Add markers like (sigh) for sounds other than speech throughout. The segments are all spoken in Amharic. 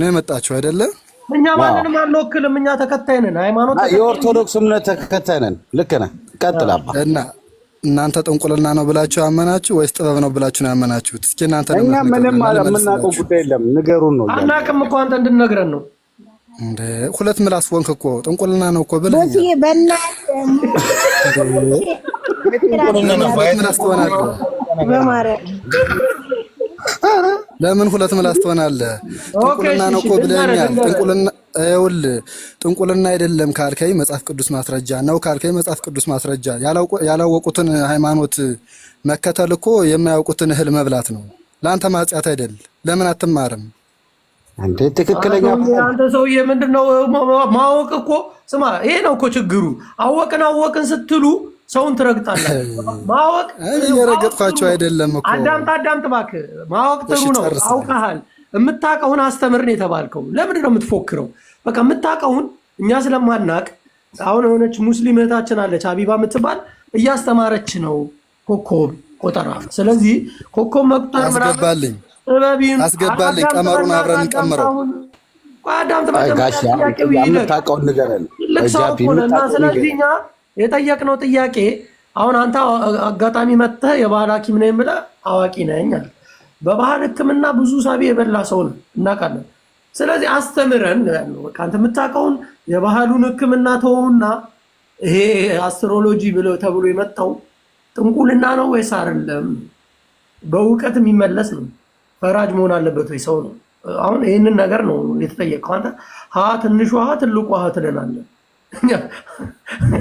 ነው የመጣችሁ አይደለ? እኛ ማንንም አንወክልም። እኛ ተከታይ ነን፣ ሃይማኖት የኦርቶዶክስ እምነት ተከታይ ነን። ልክ ነህ። ቀጥላባ እና እናንተ ጥንቁልና ነው ብላችሁ አመናችሁ ወይስ ጥበብ ነው ብላችሁ ነው ያመናችሁት? እስኪ እናንተ ደግሞ እኛ ምንም የምናውቀው ጉዳይ የለም፣ ንገሩን ነው። አናውቅም እኮ አንተ እንድንነግረን ነው። እንደ ሁለት ምላስ ወንክ እኮ ጥንቁልና ነው እኮ ብለህ በእናትህ ምላስ ትሆናለህ። ለምን ሁለት ምላስ ትሆናለህ? ጥንቁልና ነው እኮ ብለኛል። ጥንቁልና ይኸውልህ፣ ጥንቁልና አይደለም ካልከኝ መጽሐፍ ቅዱስ ማስረጃ ነው ካልከኝ መጽሐፍ ቅዱስ ማስረጃ። ያላወቁትን ሃይማኖት መከተል እኮ የማያውቁትን እህል መብላት ነው። ለአንተ ማጽያት አይደል? ለምን አትማርም? አንዴ ትክክለኛ አንተ ሰውዬ ምንድን ነው ማወቅ እኮ ስማ፣ ይሄ ነው እኮ ችግሩ። አወቅን አወቅን ስትሉ ሰውን ትረግጣለህ። (laughs) ማወቅ እየረገጥኳቸው አይደለም እኮ አዳምጥ፣ አዳምጥ እባክህ። ማወቅ ጥሩ ነው፣ አውቀሃል። የምታውቀውን አስተምርን የተባልከው ለምንድን ነው የምትፎክረው? በቃ የምታውቀውን እኛ ስለማናቅ አሁን የሆነች ሙስሊም እህታችን አለች አቢባ የምትባል እያስተማረች ነው ኮከብ ቆጠራ። ስለዚህ ኮከብ መቁጠር አስገባልኝ፣ ጥበቢን አስገባልኝ፣ ቀመሩን አብረን እንቀምረው። አዳምጥ፣ መጀመሪያ ጥያቄው ይለቅ። ስለዚህ እኛ የጠየቅነው ጥያቄ አሁን አንተ አጋጣሚ መጥተህ የባህል ሐኪም ነኝ ብለህ አዋቂ ነኝ አለ። በባህል ሕክምና ብዙ ሳቢ የበላ ሰው ነው እናውቃለን። ስለዚህ አስተምረን አንተ የምታውቀውን የባህሉን ሕክምና ተውና ይሄ አስትሮሎጂ ብሎ ተብሎ የመጣው ጥንቁልና ነው ወይስ አይደለም? በእውቀት የሚመለስ ነው። ፈራጅ መሆን አለበት ወይ ሰው ነው። አሁን ይህንን ነገር ነው የተጠየቀው። አንተ ሀ ትንሹ ሀ ትልቁ ሀ ትለናለህ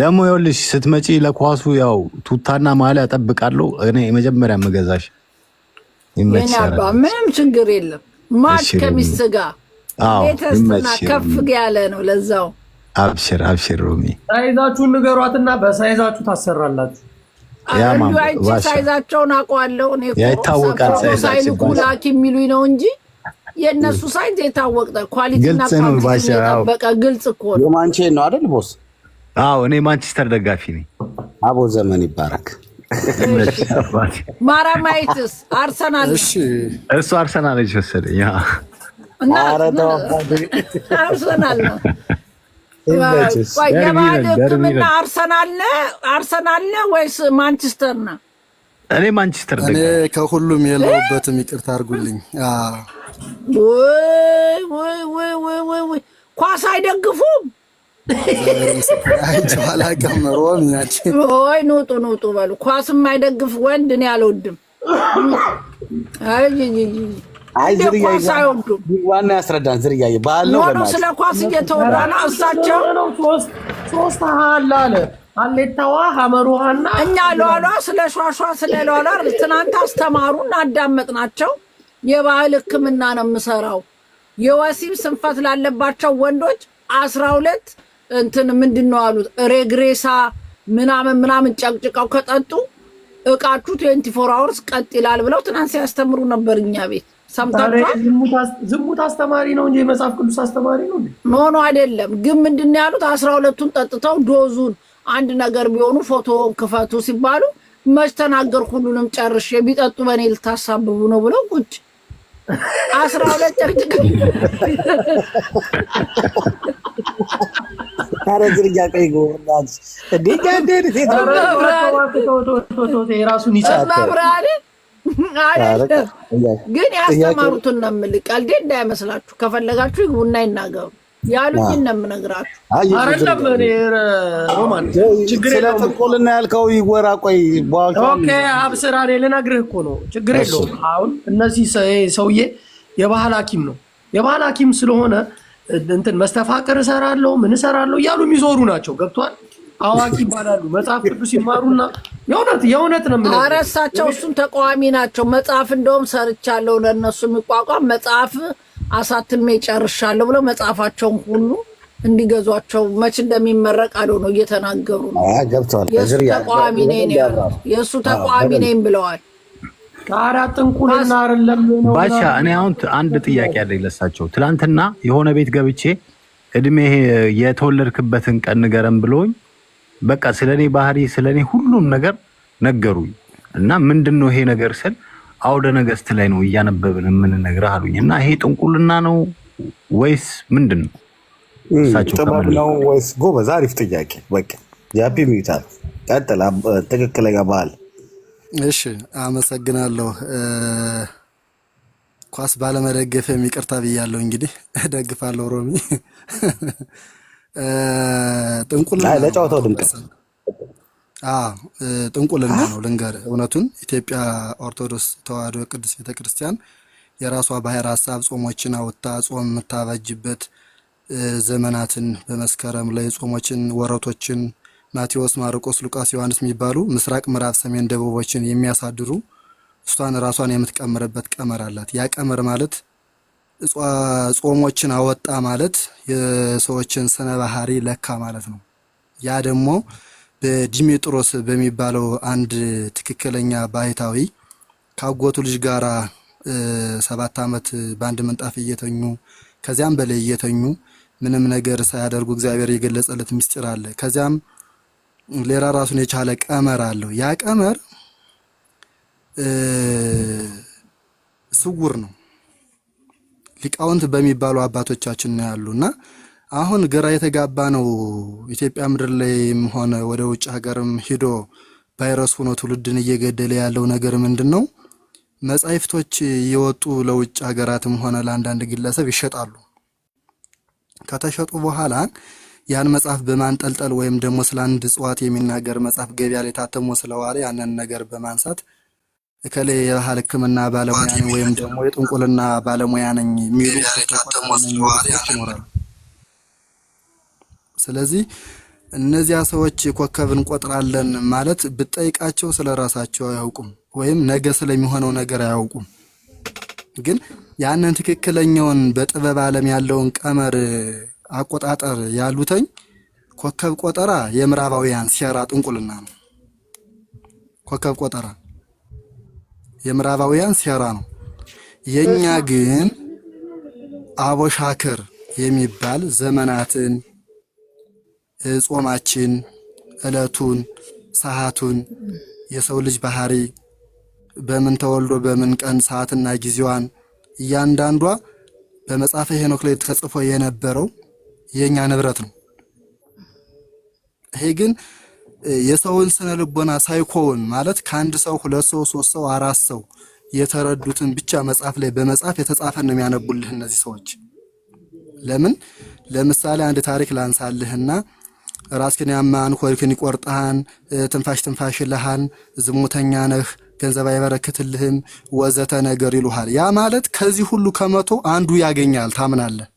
ደግሞ ይኸውልሽ ስትመጪ ለኳሱ ያው ቱታና ማሊያ እጠብቃለሁ። እኔ የመጀመሪያ የምገዛሽ ምንም ችግር የለም። ማች ከሚስት ጋር ቤተስትና ከፍ ያለ ነው። ለዛው አብሽር አብሽር ሮሚ ሳይዛችሁን ንገሯትና በሳይዛችሁ ታሰራላችሁ። አንቺ ሳይዛቸውን አውቀዋለሁ። እኔ ይታወቃል ሳይዝ ላኪ የሚሉኝ ነው እንጂ የእነሱ ሳይዝ የታወቅ ኳሊቲና ግልጽ ነው። ግልጽ እኮ ነው። የማንቼ ነው አይደል ቦስ አዎ እኔ ማንቸስተር ደጋፊ ነኝ። አቦ ዘመን ይባረክ። ማራማይትስ አርሰናል፣ እሱ አርሰናል ነች መሰለኝ። አርሰናል የባህልና አርሰናል አርሰናል ወይስ ማንቸስተር እኔ ማንቸስተር እኔ ከሁሉም የለውበትም፣ ይቅርታ አድርጉልኝ። ኳስ አይደግፉም ወይ (laughs) ኑጡ ንውጡ በሉ። ኳስ የማይደግፍ ወንድ እኔ አልወድም። ኳስ አይወዱም። ዋና ያስረዳን ዝርያዬ ባለው ስለ ኳስ እየተወራ ነው። እሳቸው ሶስት ሀላ አለ አሌታዋ ሀመሩሃና እኛ ሏሏ ስለ ሿሿ ስለ ሏሏ ትናንት አስተማሩ እናዳመጥናቸው። የባህል ሕክምና ነው የምሰራው የወሲብ ስንፈት ላለባቸው ወንዶች አስራ ሁለት እንትን ምንድን ነው አሉት ሬግሬሳ ምናምን ምናምን ጨቅጭቀው ከጠጡ እቃችሁ ትዌንቲ ፎር አወርስ ቀጥ ይላል ብለው ትናንት ሲያስተምሩ ነበር። እኛ ቤት ሰምታችኋል። ዝሙት አስተማሪ ነው እንጂ የመጽሐፍ ቅዱስ አስተማሪ ነው ኖኖ አይደለም። ግን ምንድን ነው ያሉት አስራ ሁለቱን ጠጥተው ዶዙን አንድ ነገር ቢሆኑ ፎቶ ክፈቱ ሲባሉ መች ተናገር ሁሉንም ጨርሽ የሚጠጡ በእኔ ልታሳብቡ ነው ብለው ቁጭ አስራ ሁለት ጨርጭቅ አረ ዝርያ ቀይ ጎበዝ እንዴ ጋደር የራሱን ግን ያስተማሩትን ነው የምልህ። ቀልዴ እንዳይመስላችሁ ከፈለጋችሁ ይግቡና ይናገሩ ያሉኝ ነው የምነግራችሁ። ስለ ጥንቁልና ያልከው ይወራ። ቆይ አብስራ እኔ ልነግርህ እኮ ነው። ችግር የለውም። አሁን እነዚህ ሰውዬ የባህል ሐኪም ነው የባህል ሐኪም ስለሆነ እንትን መስተፋቅር እሰራለሁ ምን እሰራለሁ እያሉ የሚዞሩ ናቸው። ገብቷል። አዋቂ ይባላሉ። መጽሐፍ ቅዱስ ይማሩና የእውነት የእውነት ነው የምልህ። ኧረ እሳቸው እሱም ተቃዋሚ ናቸው። መጽሐፍ እንደውም ሰርቻለሁ ለእነሱ የሚቋቋም መጽሐፍ አሳትሜ ጨርሻለሁ ብለው መጽሐፋቸውን ሁሉ እንዲገዟቸው መች እንደሚመረቅ አለው ነው እየተናገሩ ነው። የእሱ ተቃዋሚ ነኝ ብለዋል። ጥንቁልና አይደለም ነው ባሻ እኔ አሁን አንድ ጥያቄ አለኝ ለሳቸው። ትላንትና የሆነ ቤት ገብቼ እድሜ የተወለድክበትን ቀን ንገረን ብሎኝ በቃ ስለኔ ባህሪ ስለኔ ሁሉም ነገር ነገሩኝ እና ምንድን ነው ይሄ ነገር ስል አውደ ነገስት ላይ ነው እያነበብን የምንነግርህ አሉኝ። እና ይሄ ጥንቁልና ነው ወይስ ምንድን ነው? ጥበብ ነው ወይስ? ጎበዝ፣ አሪፍ ጥያቄ። በቃ ያፒ ሚታል ቀጥል። ትክክለኛ ባህል እሺ አመሰግናለሁ። ኳስ ባለመደገፍ ይቅርታ ብያለሁ። እንግዲህ እደግፋለሁ። ሮሚ ጥንቁልና ነው። ልንገር፣ እውነቱን ኢትዮጵያ ኦርቶዶክስ ተዋህዶ ቅዱስ ቤተክርስቲያን የራሷ ባህር ሀሳብ ጾሞችን አውጥታ ጾም የምታበጅበት ዘመናትን በመስከረም ላይ ጾሞችን፣ ወረቶችን ማቴዎስ፣ ማርቆስ፣ ሉቃስ፣ ዮሐንስ የሚባሉ ምስራቅ፣ ምዕራብ፣ ሰሜን፣ ደቡቦችን የሚያሳድሩ እሷን ራሷን የምትቀምርበት ቀመር አላት። ያ ቀመር ማለት ጾሞችን አወጣ ማለት የሰዎችን ስነ ባህሪ ለካ ማለት ነው። ያ ደግሞ በዲሜጥሮስ በሚባለው አንድ ትክክለኛ ባህታዊ ካጎቱ ልጅ ጋራ ሰባት ዓመት በአንድ ምንጣፍ እየተኙ ከዚያም በላይ እየተኙ ምንም ነገር ሳያደርጉ እግዚአብሔር የገለጸለት ምስጢር አለ። ከዚያም ሌላ ራሱን የቻለ ቀመር አለው። ያ ቀመር ስውር ነው። ሊቃውንት በሚባሉ አባቶቻችን ነው እና አሁን ግራ የተጋባ ነው። ኢትዮጵያ ምድር ላይም ሆነ ወደ ውጭ ሀገርም ሂዶ ቫይረስ ሆኖ ትውልድን እየገደለ ያለው ነገር ምንድን ነው? መጻሕፍቶች የወጡ ለውጭ ሀገራትም ሆነ ለአንዳንድ ግለሰብ ይሸጣሉ። ከተሸጡ በኋላ ያን መጽሐፍ በማንጠልጠል ወይም ደግሞ ስለ አንድ እጽዋት የሚናገር መጽሐፍ ገበያ ላይ ታተሞ ስለዋለ ያንን ነገር በማንሳት እከሌ የባህል ሕክምና ባለሙያ ነኝ ወይም ደግሞ የጥንቁልና ባለሙያ ነኝ የሚሉ ይኖራል። ስለዚህ እነዚያ ሰዎች ኮከብ እንቆጥራለን ማለት ብጠይቃቸው ስለ ራሳቸው አያውቁም፣ ወይም ነገ ስለሚሆነው ነገር አያውቁም። ግን ያንን ትክክለኛውን በጥበብ ዓለም ያለውን ቀመር አቆጣጠር ያሉትኝ ኮከብ ቆጠራ የምዕራባውያን ሴራ ጥንቁልና ነው። ኮከብ ቆጠራ የምዕራባውያን ሴራ ነው። የኛ ግን አቦሻክር የሚባል ዘመናትን፣ ጾማችን፣ እለቱን፣ ሰዓቱን፣ የሰው ልጅ ባህሪ በምን ተወልዶ በምን ቀን ሰዓትና ጊዜዋን እያንዳንዷ በመጽሐፈ ሄኖክ ላይ ተጽፎ የነበረው የኛ ንብረት ነው። ይሄ ግን የሰውን ስነ ልቦና ሳይኮውን ማለት ከአንድ ሰው ሁለት ሰው ሶስት ሰው አራት ሰው የተረዱትን ብቻ መጽሐፍ ላይ በመጽሐፍ የተጻፈ ነው የሚያነቡልህ እነዚህ ሰዎች። ለምን ለምሳሌ አንድ ታሪክ ላንሳልህና ራስክን ያማን ኮልክን ይቆርጣሃን ትንፋሽ ትንፋሽ ይልሃን፣ ዝሙተኛ ነህ፣ ገንዘብ አይበረክትልህም፣ ወዘተ ነገር ይሉሃል። ያ ማለት ከዚህ ሁሉ ከመቶ አንዱ ያገኛል ታምናለህ።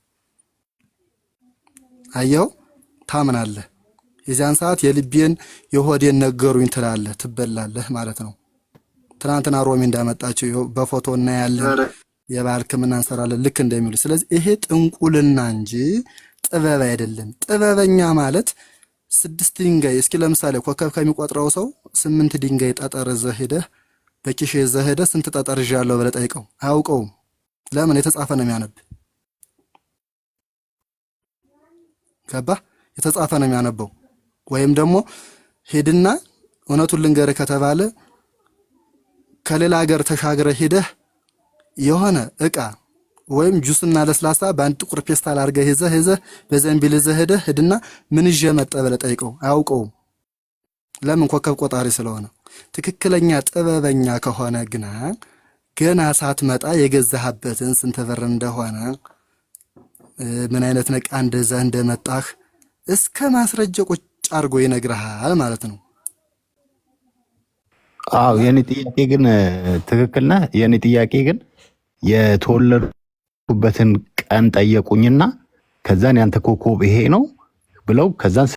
አየው ታምናለህ። የዚያን ሰዓት የልቤን የሆዴን ነገሩኝ ትላለህ፣ ትበላለህ ማለት ነው። ትናንትና ሮሚ እንዳመጣችው በፎቶ እናያለን፣ የባህል ሕክምና እንሰራለን ልክ እንደሚሉ። ስለዚህ ይሄ ጥንቁልና እንጂ ጥበብ አይደለም። ጥበበኛ ማለት ስድስት ድንጋይ እስኪ ለምሳሌ ኮከብ ከሚቆጥረው ሰው ስምንት ድንጋይ ጠጠር ይዘህ ሄደህ በኪሽ ስንት ጠጠር ይዣለሁ ብለህ ጠይቀው፣ አያውቀውም። ለምን የተጻፈ ነው የሚያነብ ገባህ? የተጻፈ ነው የሚያነበው። ወይም ደግሞ ሄድና እውነቱን ልንገርህ ከተባለ ከሌላ ሀገር ተሻግረ ሄደህ የሆነ እቃ ወይም ጁስና ለስላሳ በአንድ ጥቁር ፔስታል አድርገህ ይዘህ ይዘህ በዘንቢል ይዘህ ሄደህ ምን ይዤ መጣህ ብለህ ጠይቀው። አያውቀውም። ለምን? ኮከብ ቆጣሪ ስለሆነ። ትክክለኛ ጥበበኛ ከሆነ ግና ገና ሳትመጣ የገዛህበትን ስንት ብር እንደሆነ ምን አይነት ነቃ እንደዛ እንደመጣህ እስከ ማስረጃ ቁጭ አድርጎ ይነግርሃል ማለት ነው። አዎ የኔ ጥያቄ ግን ትክክል ነህ። የኔ ጥያቄ ግን የተወለድኩበትን ቀን ጠየቁኝና ከዛን ያንተ ኮከብ ይሄ ነው ብለው ከዛን